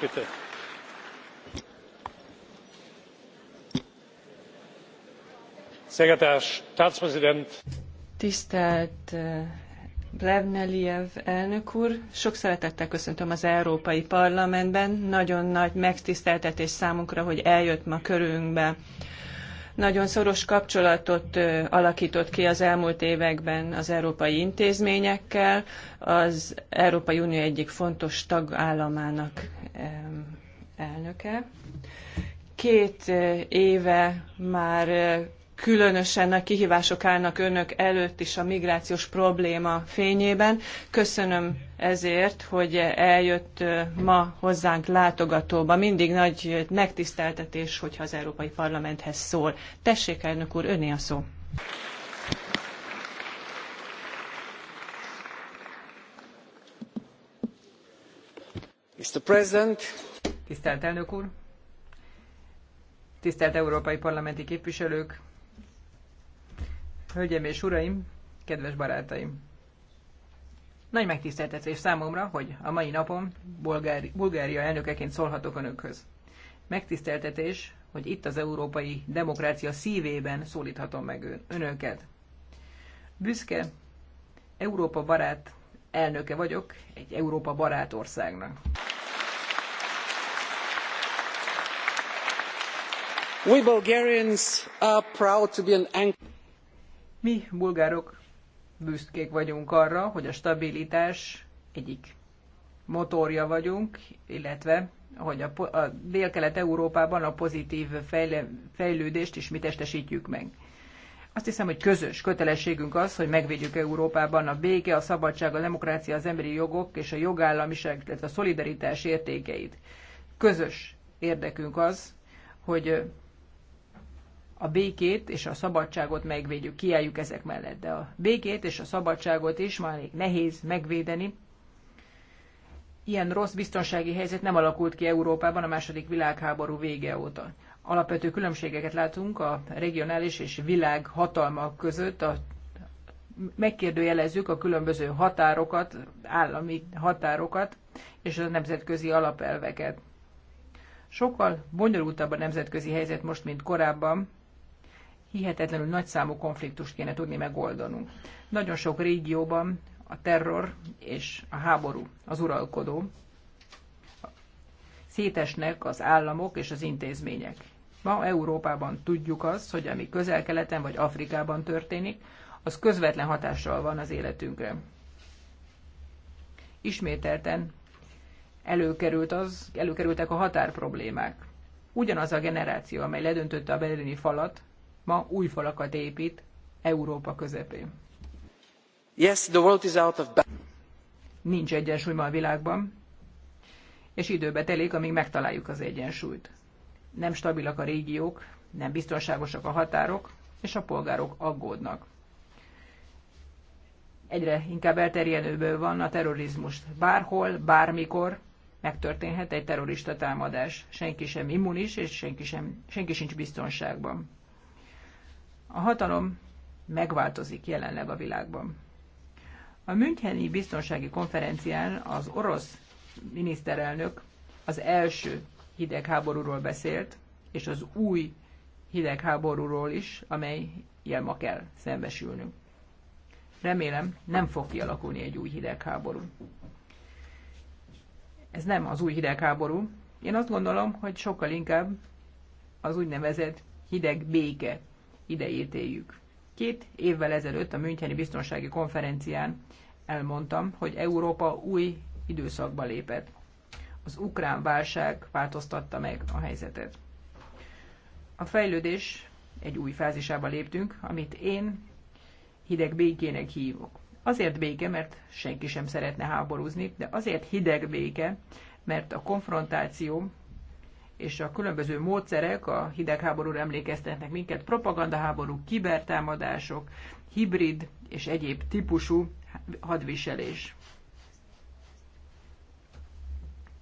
sehr geehrter herr staatspräsident! tisztelt eh, elnök úr! sok szeretettel köszöntöm az európai parlamentben nagyon nagy megtiszteltetés számunkra hogy eljött ma körünkbe nagyon szoros kapcsolatot eh, alakított ki az elmúlt években az európai intézményekkel, az Európai Unió egyik fontos tagállamának elnöke. Két éve már különösen a kihívások állnak önök előtt is a migrációs probléma fényében. Köszönöm ezért, hogy eljött ma hozzánk látogatóba. Mindig nagy megtiszteltetés, hogyha az Európai Parlamenthez szól. Tessék, elnök úr, öné a szó. Mr. President, Tisztelt elnök úr! Tisztelt európai parlamenti képviselők! Hölgyeim és uraim! Kedves barátaim! Nagy megtiszteltetés számomra, hogy a mai napon Bulgári- Bulgária elnökeként szólhatok önökhöz. Megtiszteltetés, hogy itt az európai demokrácia szívében szólíthatom meg önöket. Büszke, Európa barát elnöke vagyok egy Európa barát országnak. We Bulgarians are proud to be an Mi bulgárok büszkék vagyunk arra, hogy a stabilitás egyik motorja vagyunk, illetve hogy a, a Dél-Kelet-Európában a pozitív fejle, fejlődést is mi testesítjük meg. Azt hiszem, hogy közös kötelességünk az, hogy megvédjük Európában a béke, a szabadság, a demokrácia, az emberi jogok és a jogállamiság, illetve a szolidaritás értékeit. Közös érdekünk az, hogy a békét és a szabadságot megvédjük, kiálljuk ezek mellett. De a békét és a szabadságot is már még nehéz megvédeni. Ilyen rossz biztonsági helyzet nem alakult ki Európában a második világháború vége óta. Alapvető különbségeket látunk a regionális és világ hatalmak között, a megkérdőjelezzük a különböző határokat, állami határokat és a nemzetközi alapelveket. Sokkal bonyolultabb a nemzetközi helyzet most, mint korábban hihetetlenül nagy számú konfliktust kéne tudni megoldanunk. Nagyon sok régióban a terror és a háború az uralkodó, szétesnek az államok és az intézmények. Ma Európában tudjuk azt, hogy ami közel-keleten vagy Afrikában történik, az közvetlen hatással van az életünkre. Ismételten előkerült az, előkerültek a határproblémák. Ugyanaz a generáció, amely ledöntötte a berlini falat, ma új falakat épít Európa közepén. Yes, the world is out of Nincs egyensúly ma a világban, és időbe telik, amíg megtaláljuk az egyensúlyt. Nem stabilak a régiók, nem biztonságosak a határok, és a polgárok aggódnak. Egyre inkább elterjedőből van a terrorizmus. Bárhol, bármikor megtörténhet egy terrorista támadás. Senki sem immunis, és senki, sem, senki sincs biztonságban. A hatalom megváltozik jelenleg a világban. A Müncheni Biztonsági Konferencián az orosz miniszterelnök az első hidegháborúról beszélt, és az új hidegháborúról is, amely jel ma kell szembesülnünk. Remélem, nem fog kialakulni egy új hidegháború. Ez nem az új hidegháború. Én azt gondolom, hogy sokkal inkább az úgynevezett hideg béke idejét éljük. Két évvel ezelőtt a Müncheni Biztonsági Konferencián elmondtam, hogy Európa új időszakba lépett. Az ukrán válság változtatta meg a helyzetet. A fejlődés egy új fázisába léptünk, amit én hideg békének hívok. Azért béke, mert senki sem szeretne háborúzni, de azért hideg béke, mert a konfrontáció és a különböző módszerek a hidegháborúra emlékeztetnek minket, propagandaháború, kibertámadások, hibrid és egyéb típusú hadviselés.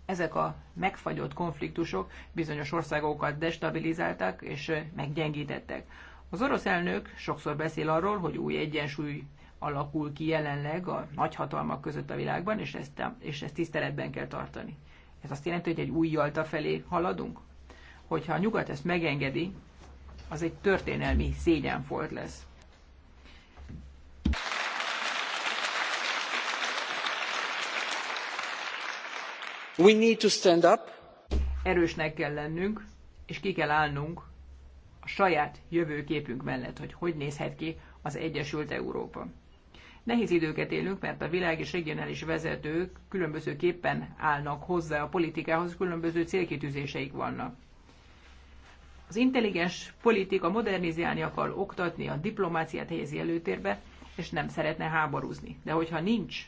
Ezek a megfagyott konfliktusok bizonyos országokat destabilizálták és meggyengítettek. Az orosz elnök sokszor beszél arról, hogy új egyensúly alakul ki jelenleg a nagyhatalmak között a világban, és ezt, és ezt tiszteletben kell tartani. Ez azt jelenti, hogy egy új Jalta felé haladunk? Hogyha a nyugat ezt megengedi, az egy történelmi szégyenfolt lesz. We need to stand up. Erősnek kell lennünk, és ki kell állnunk a saját jövőképünk mellett, hogy hogy nézhet ki az Egyesült Európa. Nehéz időket élünk, mert a világ és regionális vezetők különbözőképpen állnak hozzá a politikához, különböző célkitűzéseik vannak. Az intelligens politika modernizálni akar oktatni, a diplomáciát helyezi előtérbe, és nem szeretne háborúzni. De hogyha nincs,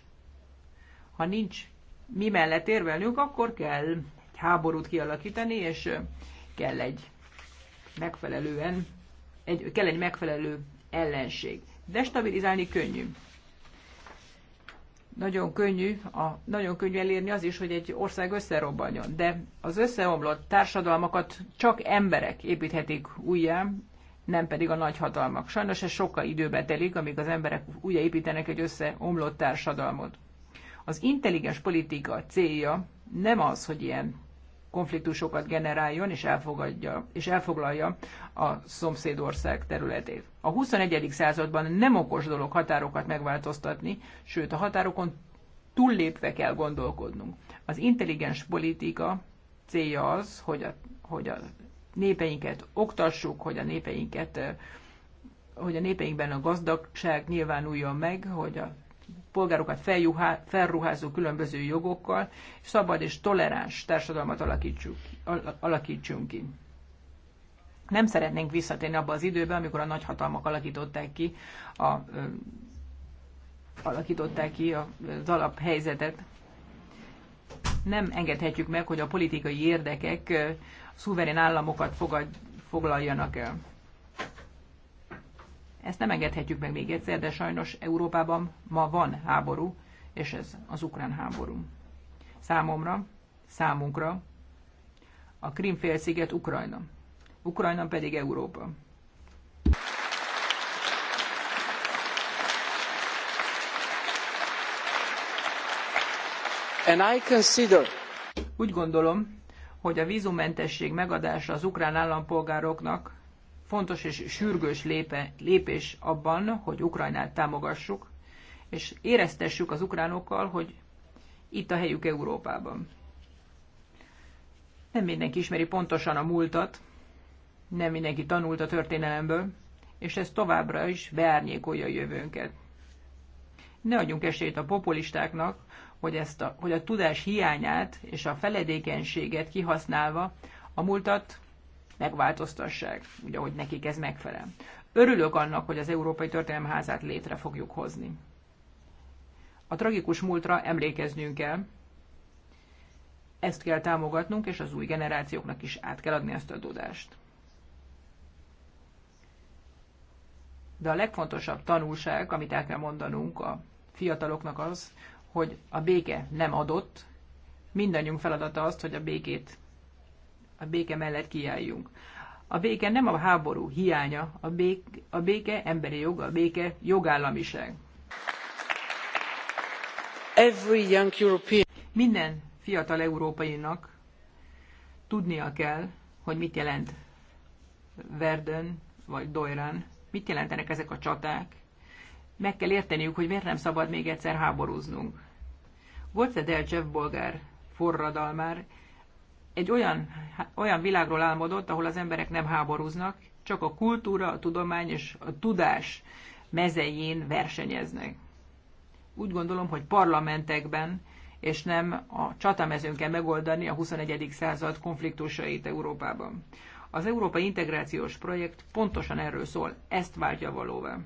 ha nincs mi mellett érvelnünk, akkor kell egy háborút kialakítani, és kell egy megfelelően, egy, kell egy megfelelő ellenség. Destabilizálni könnyű nagyon könnyű, a, nagyon könnyű elérni az is, hogy egy ország összerobbanjon. De az összeomlott társadalmakat csak emberek építhetik újjá, nem pedig a nagy Sajnos ez sokkal időbe telik, amíg az emberek újra építenek egy összeomlott társadalmot. Az intelligens politika célja nem az, hogy ilyen konfliktusokat generáljon és, elfogadja, és elfoglalja a szomszédország területét. A 21. században nem okos dolog határokat megváltoztatni, sőt a határokon túllépve kell gondolkodnunk. Az intelligens politika célja az, hogy a, hogy a népeinket oktassuk, hogy a népeinket hogy a népeinkben a gazdagság nyilvánuljon meg, hogy a polgárokat felruházó különböző jogokkal, szabad és toleráns társadalmat al- alakítsunk ki. Nem szeretnénk visszatérni abba az időbe, amikor a nagyhatalmak alakították ki a, ö, alakították ki az alaphelyzetet. Nem engedhetjük meg, hogy a politikai érdekek szuverén államokat fogad, foglaljanak el. Ezt nem engedhetjük meg még egyszer, de sajnos Európában ma van háború, és ez az ukrán háború. Számomra, számunkra a Krimfélsziget Ukrajna. Ukrajna pedig Európa. And I consider... Úgy gondolom, hogy a vízumentesség megadása az ukrán állampolgároknak fontos és sürgős lépe, lépés abban, hogy Ukrajnát támogassuk, és éreztessük az ukránokkal, hogy itt a helyük Európában. Nem mindenki ismeri pontosan a múltat, nem mindenki tanult a történelemből, és ez továbbra is beárnyékolja a jövőnket. Ne adjunk esélyt a populistáknak, hogy, ezt a, hogy a tudás hiányát és a feledékenységet kihasználva a múltat megváltoztassák, ugye, hogy nekik ez megfelel. Örülök annak, hogy az Európai Történelemházát létre fogjuk hozni. A tragikus múltra emlékeznünk kell, ezt kell támogatnunk, és az új generációknak is át kell adni ezt a tudást. De a legfontosabb tanulság, amit el kell mondanunk a fiataloknak az, hogy a béke nem adott, mindannyiunk feladata az, hogy a békét a béke mellett kiálljunk. A béke nem a háború hiánya, a béke, a béke emberi jog, a béke jogállamiság. Every young European... Minden fiatal európainak tudnia kell, hogy mit jelent Verden vagy Dojran, mit jelentenek ezek a csaták. Meg kell érteniük, hogy miért nem szabad még egyszer háborúznunk. Volt Delcev bolgár forradalmár egy olyan, olyan világról álmodott, ahol az emberek nem háborúznak, csak a kultúra, a tudomány és a tudás mezején versenyeznek. Úgy gondolom, hogy parlamentekben és nem a csatamezőn kell megoldani a 21. század konfliktusait Európában. Az európai integrációs projekt pontosan erről szól, ezt váltja valóvá.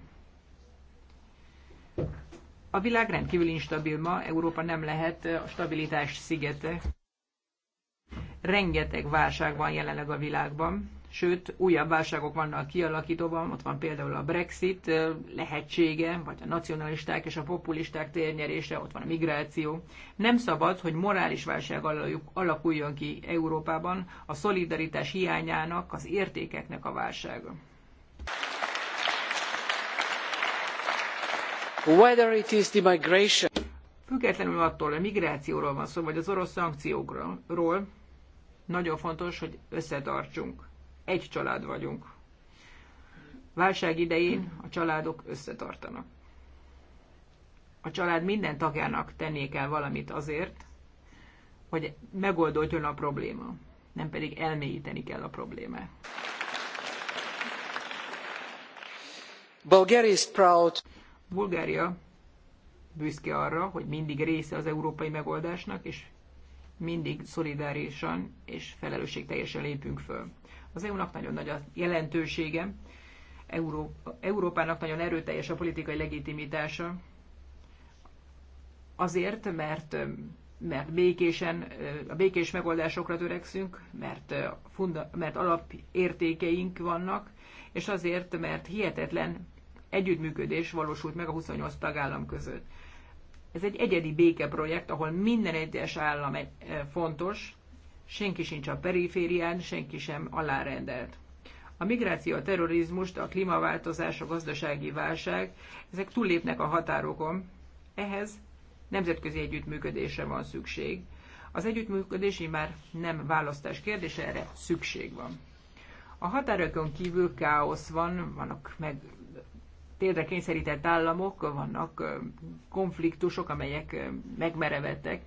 A világ rendkívül instabil ma, Európa nem lehet a stabilitás szigete. Rengeteg válság van jelenleg a világban, sőt, újabb válságok vannak kialakítóban, ott van például a Brexit lehetsége, vagy a nacionalisták és a populisták térnyerése, ott van a migráció. Nem szabad, hogy morális válság alakuljon ki Európában a szolidaritás hiányának, az értékeknek a válsága. Whether it is the migration. Függetlenül attól, a migrációról van szó, vagy az orosz szankciókról, nagyon fontos, hogy összetartsunk. Egy család vagyunk. Válság idején a családok összetartanak. A család minden tagjának tennie kell valamit azért, hogy megoldódjon a probléma, nem pedig elmélyíteni kell a problémát. Bulgaria is proud. Bulgária büszke arra, hogy mindig része az európai megoldásnak, és mindig szolidárisan és felelősségteljesen lépünk föl. Az EU-nak nagyon nagy a jelentősége, Európa, Európának nagyon erőteljes a politikai legitimitása, azért, mert, mert békésen, a békés megoldásokra törekszünk, mert, mert alapértékeink vannak, és azért, mert hihetetlen együttműködés valósult meg a 28 tagállam között. Ez egy egyedi békeprojekt, ahol minden egyes állam egy, eh, fontos, senki sincs a periférián, senki sem alárendelt. A migráció, a terrorizmus, a klímaváltozás, a gazdasági válság, ezek túllépnek a határokon. Ehhez nemzetközi együttműködésre van szükség. Az együttműködés már nem választás kérdése, erre szükség van. A határokon kívül káosz van, vannak meg térdre kényszerített államok, vannak konfliktusok, amelyek megmerevettek.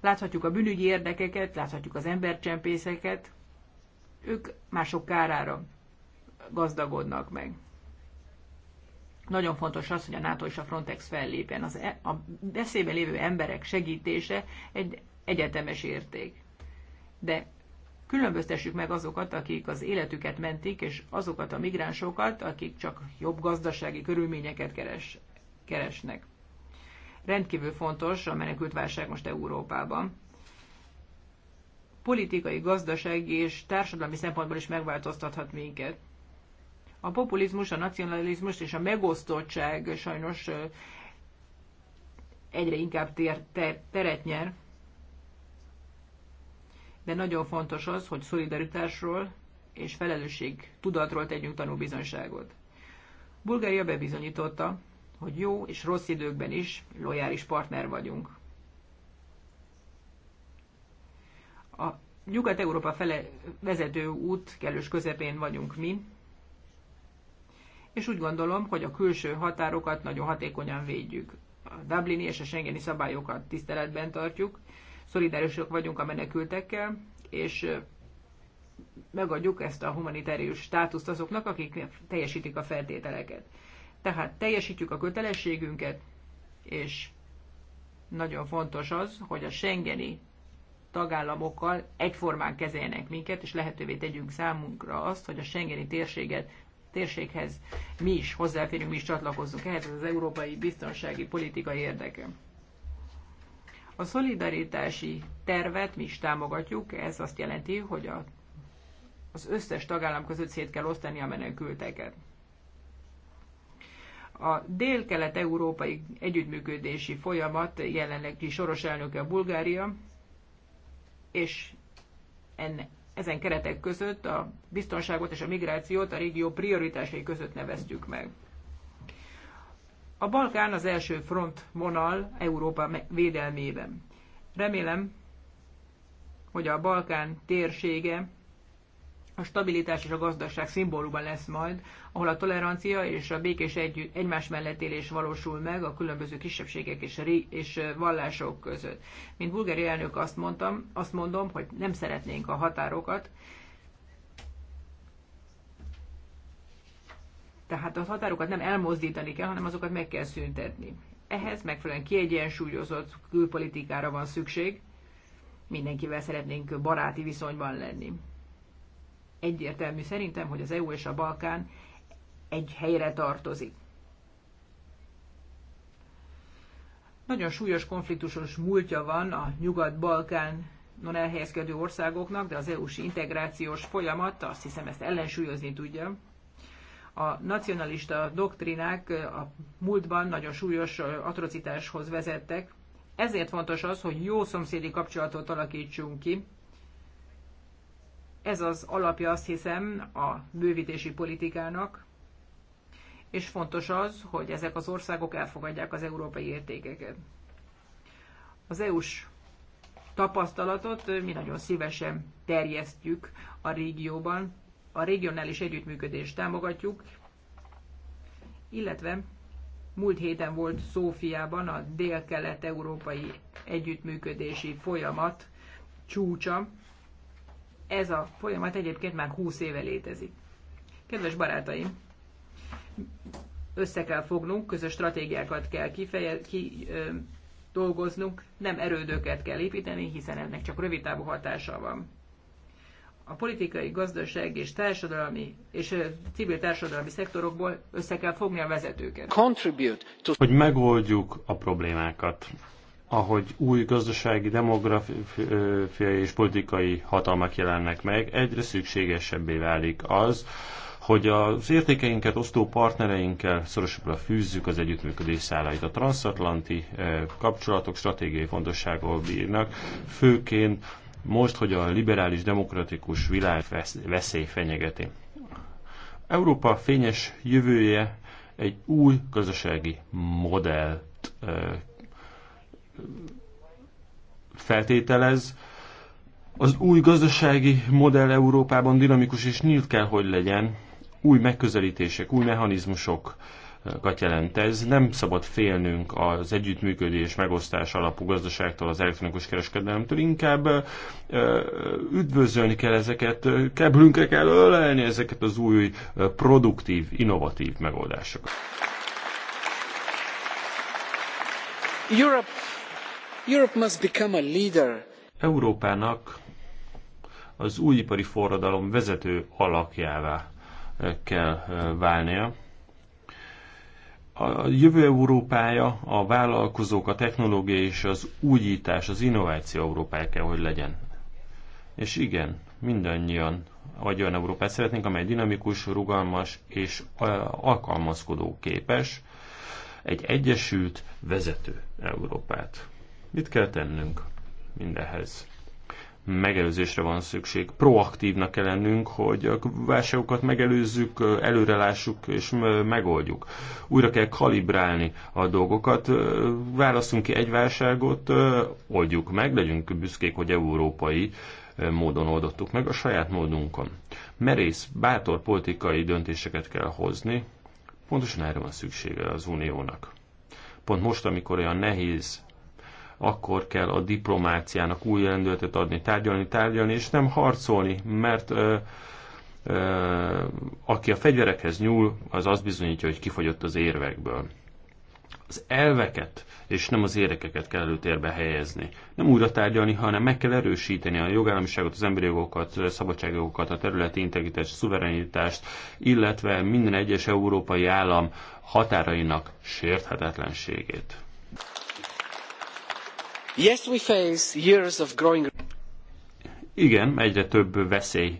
Láthatjuk a bűnügyi érdekeket, láthatjuk az embercsempészeket, ők mások kárára gazdagodnak meg. Nagyon fontos az, hogy a NATO és a Frontex fellépjen. Az e, a veszélyben lévő emberek segítése egy egyetemes érték. De Különböztessük meg azokat, akik az életüket mentik, és azokat a migránsokat, akik csak jobb gazdasági körülményeket keres, keresnek. Rendkívül fontos a menekültválság most Európában. Politikai, gazdasági és társadalmi szempontból is megváltoztathat minket. A populizmus, a nacionalizmus és a megosztottság sajnos egyre inkább ter, teret nyer de nagyon fontos az, hogy szolidaritásról és felelősség tudatról tegyünk tanúbizonyságot. Bulgária bebizonyította, hogy jó és rossz időkben is lojális partner vagyunk. A Nyugat-Európa fele vezető út kellős közepén vagyunk mi, és úgy gondolom, hogy a külső határokat nagyon hatékonyan védjük. A Dublini és a Schengeni szabályokat tiszteletben tartjuk, szolidárisak vagyunk a menekültekkel, és megadjuk ezt a humanitárius státuszt azoknak, akik teljesítik a feltételeket. Tehát teljesítjük a kötelességünket, és nagyon fontos az, hogy a Schengeni tagállamokkal egyformán kezeljenek minket, és lehetővé tegyünk számunkra azt, hogy a Schengeni térséget, térséghez mi is hozzáférjünk, mi is csatlakozzunk ehhez, az európai biztonsági politika érdeke. A szolidaritási tervet mi is támogatjuk, ez azt jelenti, hogy a, az összes tagállam között szét kell osztani a menekülteket. A dél-kelet-európai együttműködési folyamat jelenlegi soros elnöke a Bulgária, és enne, ezen keretek között a biztonságot és a migrációt a régió prioritásai között neveztük meg. A Balkán az első frontvonal Európa védelmében. Remélem, hogy a Balkán térsége a stabilitás és a gazdaság szimbóluma lesz majd, ahol a tolerancia és a békés együtt, egymás mellett élés valósul meg a különböző kisebbségek és, ré, és vallások között. Mint bulgári elnök azt mondtam, azt mondom, hogy nem szeretnénk a határokat, Tehát a határokat nem elmozdítani kell, hanem azokat meg kell szüntetni. Ehhez megfelelően kiegyensúlyozott külpolitikára van szükség. Mindenkivel szeretnénk baráti viszonyban lenni. Egyértelmű szerintem, hogy az EU és a Balkán egy helyre tartozik. Nagyon súlyos konfliktusos múltja van a Nyugat-Balkán non elhelyezkedő országoknak, de az EU-s integrációs folyamat azt hiszem ezt ellensúlyozni tudja a nacionalista doktrinák a múltban nagyon súlyos atrocitáshoz vezettek. Ezért fontos az, hogy jó szomszédi kapcsolatot alakítsunk ki. Ez az alapja azt hiszem a bővítési politikának, és fontos az, hogy ezek az országok elfogadják az európai értékeket. Az EU-s tapasztalatot mi nagyon szívesen terjesztjük a régióban, a regionális együttműködést támogatjuk, illetve múlt héten volt Szófiában a dél-kelet-európai együttműködési folyamat csúcsa. Ez a folyamat egyébként már 20 éve létezik. Kedves barátaim, össze kell fognunk, közös stratégiákat kell kifeje, ki, ö, dolgoznunk, nem erődöket kell építeni, hiszen ennek csak rövid távú hatása van a politikai, gazdasági és társadalmi és civil társadalmi szektorokból össze kell fogni a vezetőket. Hogy megoldjuk a problémákat, ahogy új gazdasági, demográfiai és politikai hatalmak jelennek meg, egyre szükségesebbé válik az, hogy az értékeinket osztó partnereinkkel szorosabbra fűzzük az együttműködés szálait. A transatlanti kapcsolatok stratégiai fontosságból bírnak, főként most, hogy a liberális demokratikus világ veszély fenyegeti. Európa fényes jövője egy új gazdasági modellt feltételez. Az új gazdasági modell Európában dinamikus és nyílt kell, hogy legyen. Új megközelítések, új mechanizmusok jelent ez. Nem szabad félnünk az együttműködés, megosztás alapú gazdaságtól, az elektronikus kereskedelemtől, inkább üdvözölni kell ezeket, keblünkre kell ölelni ezeket az új produktív, innovatív megoldásokat. Europe, Europe must become a leader. Európának az újipari forradalom vezető alakjává kell válnia. A jövő Európája, a vállalkozók, a technológia és az újítás, az innováció Európája kell, hogy legyen. És igen, mindannyian vagy olyan Európát szeretnénk, amely dinamikus, rugalmas és alkalmazkodó képes, egy egyesült, vezető Európát. Mit kell tennünk mindehez? megelőzésre van szükség. Proaktívnak kell lennünk, hogy a válságokat megelőzzük, előrelássuk és megoldjuk. Újra kell kalibrálni a dolgokat, válaszunk ki egy válságot, oldjuk meg, legyünk büszkék, hogy európai módon oldottuk meg, a saját módunkon. Merész, bátor politikai döntéseket kell hozni, pontosan erre van szüksége az uniónak. Pont most, amikor olyan nehéz akkor kell a diplomáciának új rendületet adni, tárgyalni, tárgyalni, és nem harcolni, mert ö, ö, aki a fegyverekhez nyúl, az azt bizonyítja, hogy kifogyott az érvekből. Az elveket és nem az érdekeket kell előtérbe helyezni. Nem újra tárgyalni, hanem meg kell erősíteni a jogállamiságot, az emberi jogokat, szabadságjogokat, a területi integritást, szuverenitást, illetve minden egyes európai állam határainak sérthetetlenségét. Igen, egyre több veszély,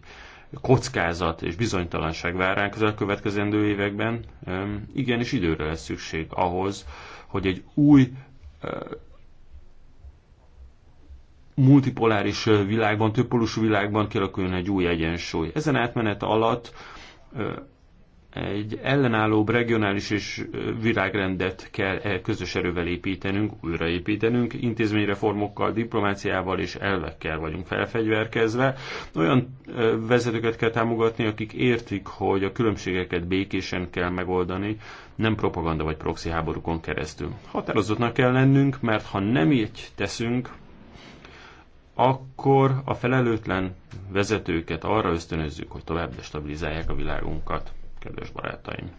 kockázat és bizonytalanság vár ránk az elkövetkezendő években. Igen, és időre lesz szükség ahhoz, hogy egy új multipoláris világban, többpolusú világban kialakuljon egy új egyensúly. Ezen átmenet alatt egy ellenállóbb regionális és virágrendet kell e közös erővel építenünk, újraépítenünk, intézményreformokkal, diplomáciával és elvekkel vagyunk felfegyverkezve. Olyan vezetőket kell támogatni, akik értik, hogy a különbségeket békésen kell megoldani, nem propaganda vagy proxy háborúkon keresztül. Határozottnak kell lennünk, mert ha nem így teszünk, akkor a felelőtlen vezetőket arra ösztönözzük, hogy tovább destabilizálják a világunkat kedves barátaim.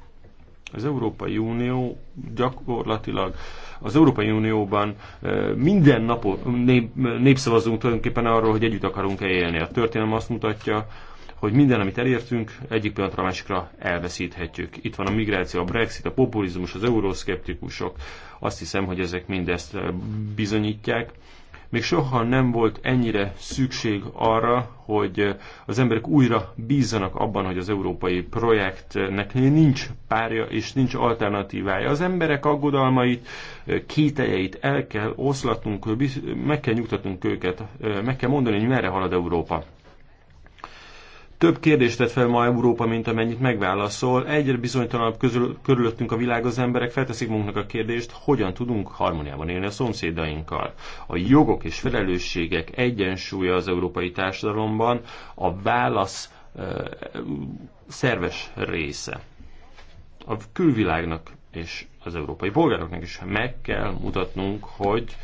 Az Európai Unió gyakorlatilag az Európai Unióban eh, minden napon nép, népszavazunk tulajdonképpen arról, hogy együtt akarunk-e élni. A történelem azt mutatja, hogy minden, amit elértünk, egyik pillanatra a másikra elveszíthetjük. Itt van a migráció, a Brexit, a populizmus, az euroszkeptikusok. Azt hiszem, hogy ezek mindezt eh, bizonyítják. Még soha nem volt ennyire szükség arra, hogy az emberek újra bízzanak abban, hogy az európai projektnek nincs párja és nincs alternatívája. Az emberek aggodalmait, kételjeit el kell oszlatnunk, meg kell nyugtatnunk őket, meg kell mondani, hogy merre halad Európa. Több kérdést tett fel ma Európa, mint amennyit megválaszol. Egyre bizonytalanabb közül, körülöttünk a világ, az emberek felteszik magunknak a kérdést, hogyan tudunk harmóniában élni a szomszédainkkal. A jogok és felelősségek egyensúlya az európai társadalomban a válasz ö, szerves része. A külvilágnak és az európai polgároknak is meg kell mutatnunk, hogy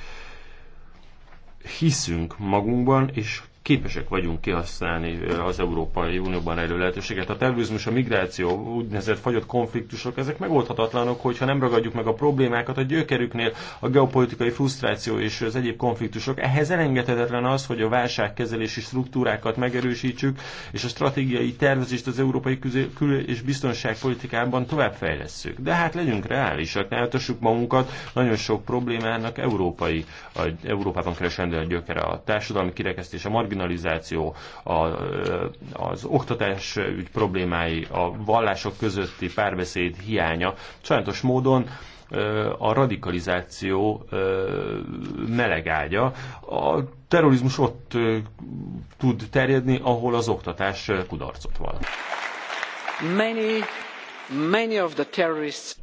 hiszünk magunkban, és képesek vagyunk kihasználni az Európai Unióban rejlő lehetőséget. A terrorizmus, a migráció, úgynevezett fagyott konfliktusok, ezek megoldhatatlanok, hogyha nem ragadjuk meg a problémákat a gyökerüknél, a geopolitikai frusztráció és az egyéb konfliktusok. Ehhez elengedhetetlen az, hogy a válságkezelési struktúrákat megerősítsük, és a stratégiai tervezést az európai kül- és biztonságpolitikában továbbfejlesszük. De hát legyünk reálisak, ne eltassuk magunkat, nagyon sok problémának európai, a, Európában keresendő a gyökere, a társadalmi kirekesztés, a margin marginalizáció, a, az oktatás ügy problémái, a vallások közötti párbeszéd hiánya sajnos módon a radikalizáció melegágya. A terrorizmus ott tud terjedni, ahol az oktatás kudarcot vall. Many, many of the terrorists...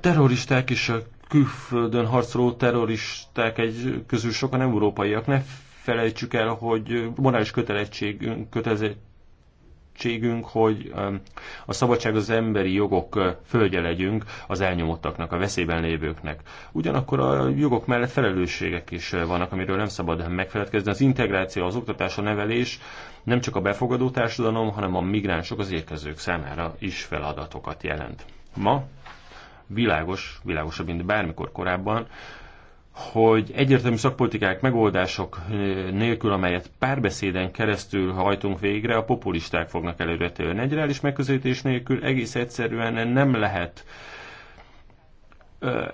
Terroristák is a külföldön harcoló terroristák egy közül sokan európaiak. Ne felejtsük el, hogy morális kötelezettségünk, kötelezettségünk, hogy um, a szabadság az emberi jogok uh, földje legyünk az elnyomottaknak, a veszélyben lévőknek. Ugyanakkor a jogok mellett felelősségek is uh, vannak, amiről nem szabad megfeledkezni. Az integráció, az oktatás, a nevelés nem csak a befogadó társadalom, hanem a migránsok, az érkezők számára is feladatokat jelent. Ma világos, világosabb, mint bármikor korábban, hogy egyértelmű szakpolitikák, megoldások nélkül, amelyet párbeszéden keresztül hajtunk végre, a populisták fognak előre törni. Egy reális megközelítés nélkül egész egyszerűen nem lehet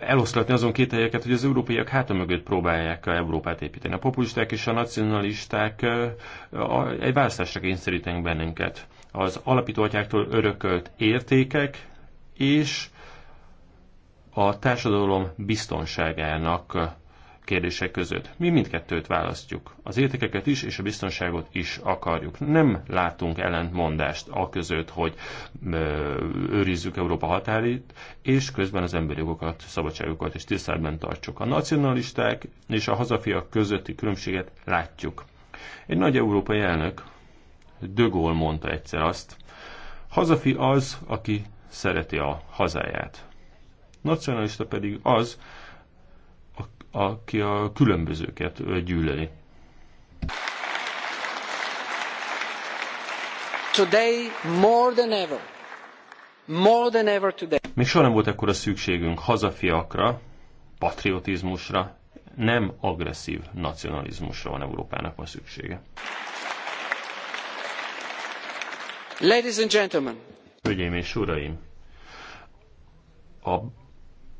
eloszlatni azon két helyeket, hogy az európaiak háta mögött próbálják a Európát építeni. A populisták és a nacionalisták egy választásra kényszerítenek bennünket. Az alapítóatyáktól örökölt értékek és a társadalom biztonságának kérdések között. Mi mindkettőt választjuk. Az értékeket is, és a biztonságot is akarjuk. Nem látunk ellentmondást a között, hogy őrizzük Európa határit, és közben az emberi jogokat, szabadságokat és tiszteletben tartsuk. A nacionalisták és a hazafiak közötti különbséget látjuk. Egy nagy európai elnök, De Gaulle mondta egyszer azt, hazafi az, aki szereti a hazáját nacionalista pedig az, aki a különbözőket gyűlöli. Today, more than ever. More than ever today. Még soha nem volt ekkor a szükségünk hazafiakra, patriotizmusra, nem agresszív nacionalizmusra van Európának ma szüksége. Ladies and gentlemen. Hölgyeim és uraim, a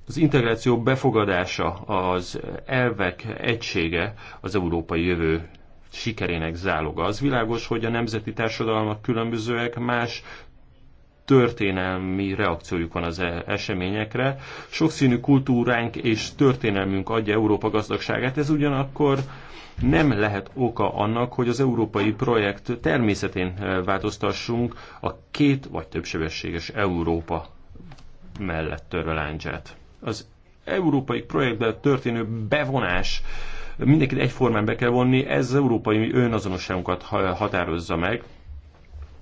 az integráció befogadása, az elvek egysége az európai jövő sikerének záloga. Az világos, hogy a nemzeti társadalmak különbözőek, más történelmi reakciójuk van az e- eseményekre. Sokszínű kultúránk és történelmünk adja Európa gazdagságát, ez ugyanakkor nem lehet oka annak, hogy az európai projekt természetén e, változtassunk a két vagy többsebességes Európa mellett törve láncsát az európai projektbe történő bevonás mindenkit egyformán be kell vonni, ez az európai önazonosságunkat határozza meg.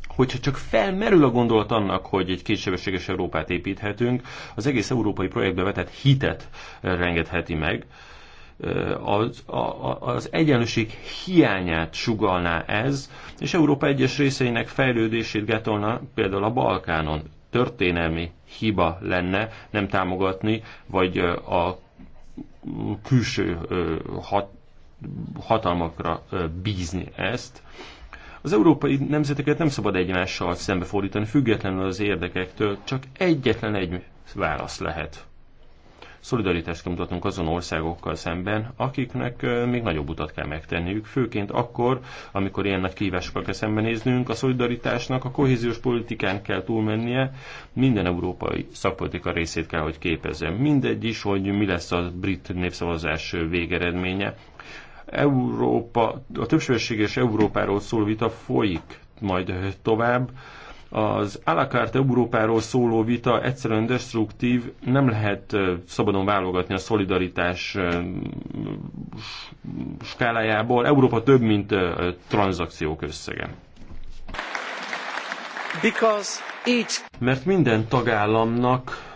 Hogyha csak felmerül a gondolat annak, hogy egy kétsebességes Európát építhetünk, az egész európai projektbe vetett hitet rengetheti meg. Az, a, az egyenlőség hiányát sugalná ez, és Európa egyes részeinek fejlődését gátolna például a Balkánon történelmi hiba lenne nem támogatni, vagy a külső hatalmakra bízni ezt. Az európai nemzeteket nem szabad egymással szembefordítani, függetlenül az érdekektől, csak egyetlen egy válasz lehet. Szolidaritást kell mutatnunk azon országokkal szemben, akiknek még nagyobb utat kell megtenniük, főként akkor, amikor ilyen nagy kihívásokkal kell szembenéznünk, a szolidaritásnak a kohéziós politikán kell túlmennie, minden európai szakpolitika részét kell, hogy képezze. Mindegy is, hogy mi lesz a brit népszavazás végeredménye. Európa, a többségeséges Európáról szól vita folyik majd tovább. Az alakárt Európáról szóló vita egyszerűen destruktív, nem lehet szabadon válogatni a szolidaritás skálájából. Európa több, mint tranzakciók összege. Because each... Mert minden tagállamnak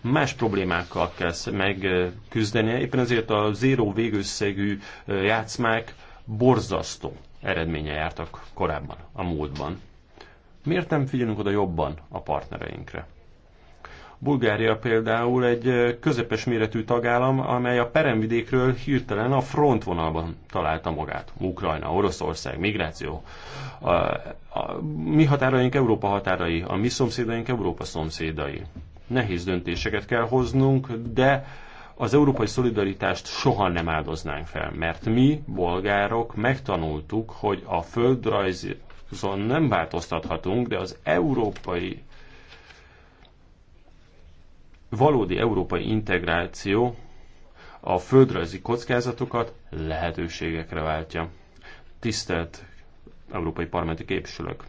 más problémákkal kell megküzdenie, éppen ezért a zéró végösszegű játszmák borzasztó eredménye jártak korábban, a múltban. Miért nem figyelünk oda jobban a partnereinkre? Bulgária például egy közepes méretű tagállam, amely a peremvidékről hirtelen a frontvonalban találta magát. Ukrajna, Oroszország, migráció. A, a, mi határaink Európa határai, a mi szomszédaink Európa szomszédai. Nehéz döntéseket kell hoznunk, de az európai szolidaritást soha nem áldoznánk fel, mert mi, bolgárok, megtanultuk, hogy a földrajzi azon nem változtathatunk, de az európai valódi európai integráció a földrajzi kockázatokat lehetőségekre váltja. Tisztelt európai parlamenti képviselők!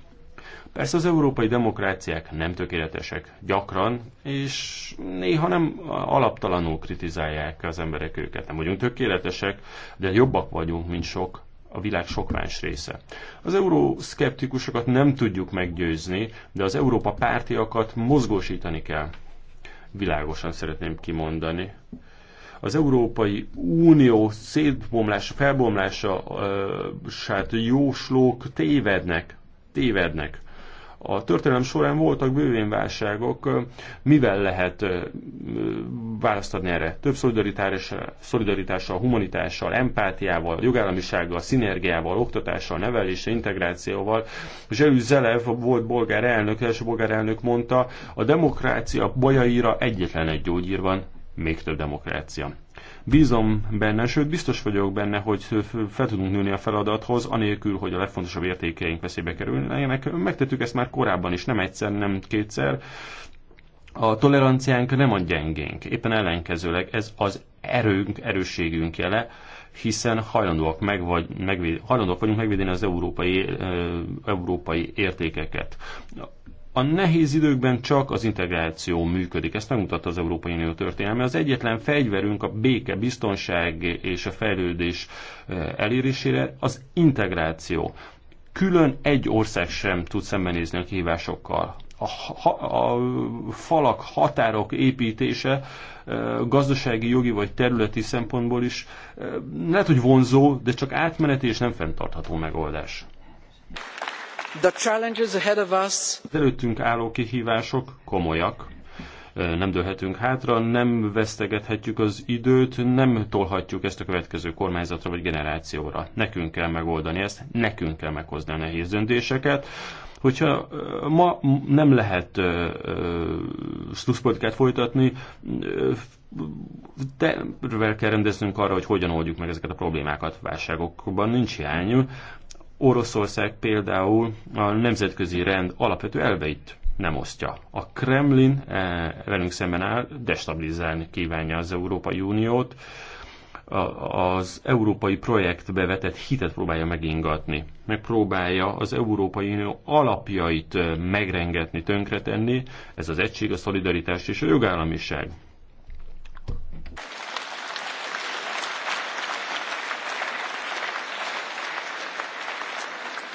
Persze az európai demokráciák nem tökéletesek, gyakran, és néha nem alaptalanul kritizálják az emberek őket. Nem vagyunk tökéletesek, de jobbak vagyunk, mint sok a világ sok más része. Az euroszkeptikusokat nem tudjuk meggyőzni, de az Európa pártiakat mozgósítani kell. Világosan szeretném kimondani. Az Európai Unió szétbomlása, felbomlása, sát jóslók tévednek. Tévednek. A történelem során voltak bőven válságok, mivel lehet választani erre? Több szolidaritással, szolidaritással, humanitással, empátiával, jogállamisággal, szinergiával, oktatással, neveléssel, integrációval. Zselű Zelev, volt bolgár elnök, első bolgár elnök mondta, a demokrácia bajaira egyetlen egy gyógyír van, még több demokrácia. Bízom benne, sőt biztos vagyok benne, hogy fel tudunk nőni a feladathoz, anélkül, hogy a legfontosabb értékeink veszélybe kerülnének. Megtettük ezt már korábban is, nem egyszer, nem kétszer. A toleranciánk nem a gyengénk, éppen ellenkezőleg ez az erőnk, erősségünk jele, hiszen hajlandóak, meg vagy, megvéd, hajlandóak vagyunk megvédeni az európai, európai értékeket. A nehéz időkben csak az integráció működik. Ezt megmutatta az Európai Unió történelme. Az egyetlen fegyverünk a béke, biztonság és a fejlődés eh, elérésére az integráció. Külön egy ország sem tud szembenézni a kihívásokkal. A, ha, a falak, határok építése eh, gazdasági, jogi vagy területi szempontból is eh, lehet, hogy vonzó, de csak átmeneti és nem fenntartható megoldás. The challenges ahead of us. Az előttünk álló kihívások komolyak. Nem dőlhetünk hátra, nem vesztegethetjük az időt, nem tolhatjuk ezt a következő kormányzatra vagy generációra. Nekünk kell megoldani ezt, nekünk kell meghozni a nehéz döntéseket hogyha ma nem lehet sztuszpolitikát folytatni, tervvel kell rendeznünk arra, hogy hogyan oldjuk meg ezeket a problémákat. Válságokban nincs hiány, Oroszország például a nemzetközi rend alapvető elveit nem osztja. A Kremlin eh, velünk szemben áll, destabilizálni kívánja az Európai Uniót, az európai projektbe vetett hitet próbálja megingatni. Megpróbálja az Európai Unió alapjait eh, megrengetni, tönkretenni, ez az egység, a szolidaritás és a jogállamiság.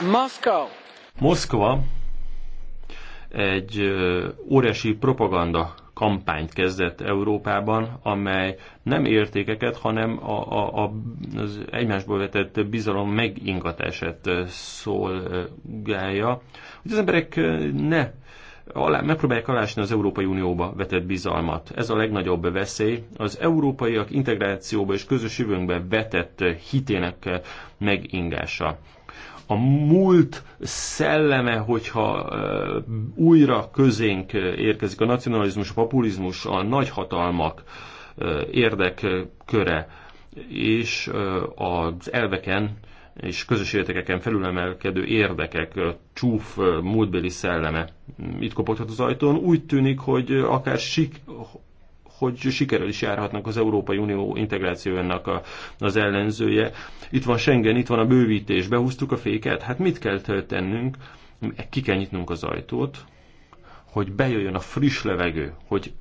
Moszkva. Moszkva egy óriási propaganda kampányt kezdett Európában, amely nem értékeket, hanem a, a, a, az egymásból vetett bizalom megingatását szolgálja, hogy az emberek ne alá, megpróbálják alásni az Európai Unióba vetett bizalmat. Ez a legnagyobb veszély. Az európaiak integrációba és közös jövőnkbe vetett hitének megingása a múlt szelleme, hogyha újra közénk érkezik a nacionalizmus, a populizmus, a nagyhatalmak érdekköre, és az elveken és közös értékeken felülemelkedő érdekek, csúf múltbéli szelleme mm, itt kopoghat az ajtón. Úgy tűnik, hogy akár sik hogy sikerrel is járhatnak az Európai Unió integrációjának a, az ellenzője. Itt van Schengen, itt van a bővítés, behúztuk a féket, hát mit kell tennünk? Ki kell nyitnunk az ajtót, hogy bejöjjön a friss levegő, hogy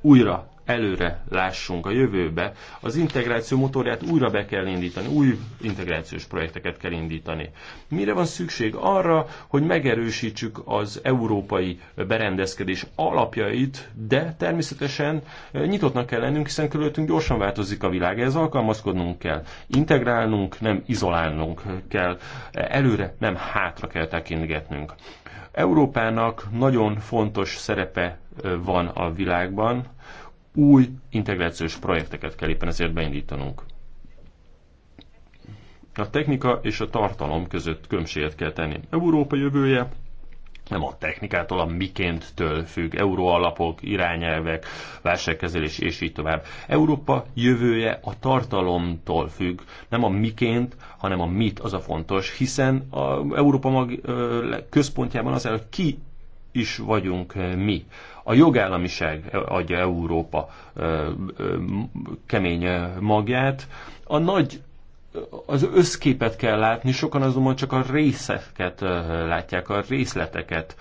újra előre lássunk a jövőbe. Az integráció motorját újra be kell indítani, új integrációs projekteket kell indítani. Mire van szükség? Arra, hogy megerősítsük az európai berendezkedés alapjait, de természetesen eh, nyitottnak kell lennünk, hiszen körülöttünk gyorsan változik a világ, ez alkalmazkodnunk kell, integrálnunk, nem izolálnunk kell, előre, nem hátra kell tekintgetnünk. Európának nagyon fontos szerepe eh, van a világban, új integrációs projekteket kell éppen ezért beindítanunk. A technika és a tartalom között különbséget kell tenni. Európa jövője nem a technikától, a mikénttől függ, euróalapok, irányelvek, válságkezelés és így tovább. Európa jövője a tartalomtól függ, nem a miként, hanem a mit, az a fontos, hiszen a Európa mag, központjában az el, hogy ki is vagyunk eh, mi. A jogállamiság adja Európa eh, eh, kemény magját. A nagy az összképet kell látni, sokan azonban csak a részeket látják, a részleteket.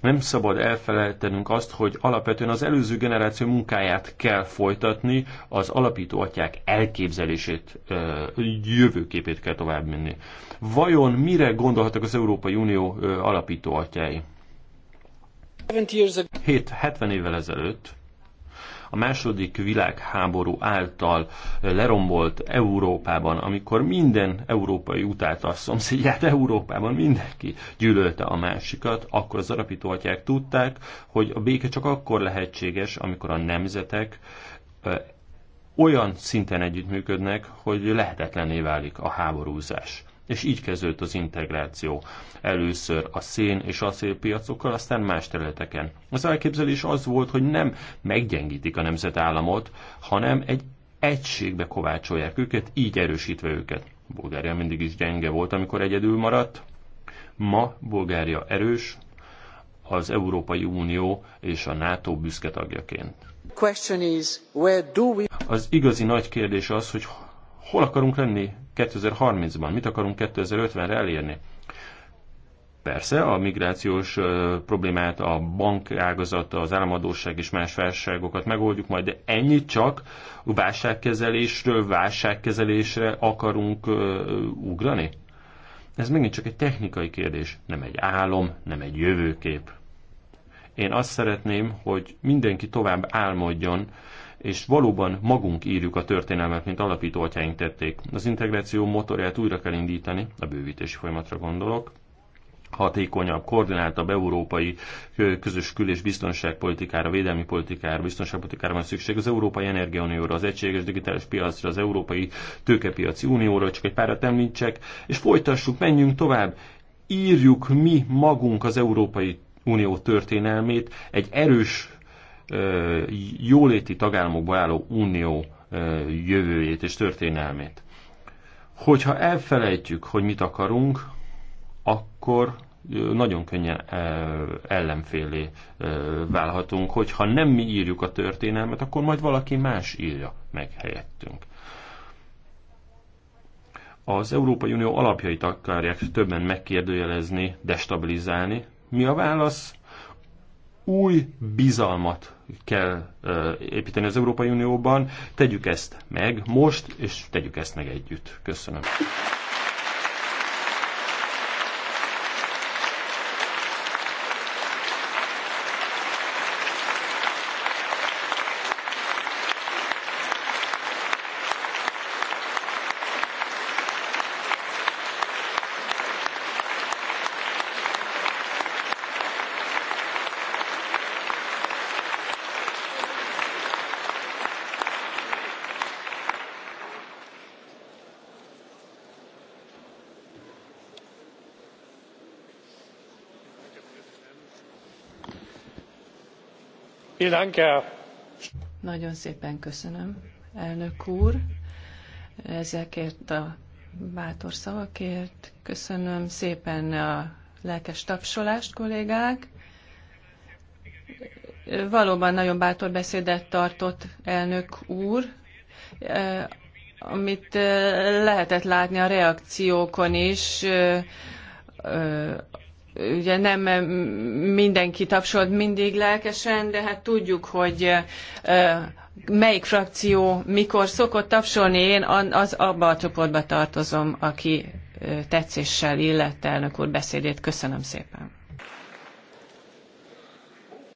Nem szabad elfelejtenünk azt, hogy alapvetően az előző generáció munkáját kell folytatni, az alapító atyák elképzelését, jövőképét kell továbbvinni. Vajon mire gondolhatok az Európai Unió alapító atyái? 70 évvel ezelőtt a második világháború által lerombolt Európában, amikor minden európai utálta a szomszédját Európában, mindenki gyűlölte a másikat, akkor az atyák tudták, hogy a béke csak akkor lehetséges, amikor a nemzetek olyan szinten együttműködnek, hogy lehetetlené válik a háborúzás. És így kezdődött az integráció. Először a szén és acélpiacokkal, aztán más területeken. Az elképzelés az volt, hogy nem meggyengítik a nemzetállamot, hanem egy egységbe kovácsolják őket, így erősítve őket. Bulgária mindig is gyenge volt, amikor egyedül maradt. Ma Bulgária erős, az Európai Unió és a NATO büszke tagjaként. Az igazi nagy kérdés az, hogy Hol akarunk lenni 2030-ban? Mit akarunk 2050-re elérni? Persze, a migrációs problémát, a bankágazat, az államadóság és más válságokat megoldjuk majd, de ennyit csak válságkezelésről válságkezelésre akarunk ugrani? Ez megint csak egy technikai kérdés, nem egy álom, nem egy jövőkép. Én azt szeretném, hogy mindenki tovább álmodjon, és valóban magunk írjuk a történelmet, mint alapító atyáink tették. Az integráció motorját újra kell indítani, a bővítési folyamatra gondolok, hatékonyabb, koordináltabb európai közös kül- és biztonságpolitikára, védelmi politikára, biztonságpolitikára van szükség. Az Európai Energiaunióra, az egységes digitális piacra, az Európai Tőkepiaci Unióra, csak egy párat említsek, és folytassuk, menjünk tovább, írjuk mi magunk az Európai Unió történelmét egy erős jóléti tagállamokba álló unió jövőjét és történelmét. Hogyha elfelejtjük, hogy mit akarunk, akkor nagyon könnyen ellenfélé válhatunk. Hogyha nem mi írjuk a történelmet, akkor majd valaki más írja meg helyettünk. Az Európai Unió alapjait akarják többen megkérdőjelezni, destabilizálni. Mi a válasz? új bizalmat kell építeni az Európai Unióban. Tegyük ezt meg most, és tegyük ezt meg együtt. Köszönöm. Nagyon szépen köszönöm, elnök úr, ezekért a bátor szavakért. Köszönöm szépen a lelkes tapsolást, kollégák. Valóban nagyon bátor beszédet tartott elnök úr, amit lehetett látni a reakciókon is, ugye nem mindenki tapsolt mindig lelkesen, de hát tudjuk, hogy melyik frakció mikor szokott tapsolni, én az abba a csoportba tartozom, aki tetszéssel illett elnök úr beszédét. Köszönöm szépen.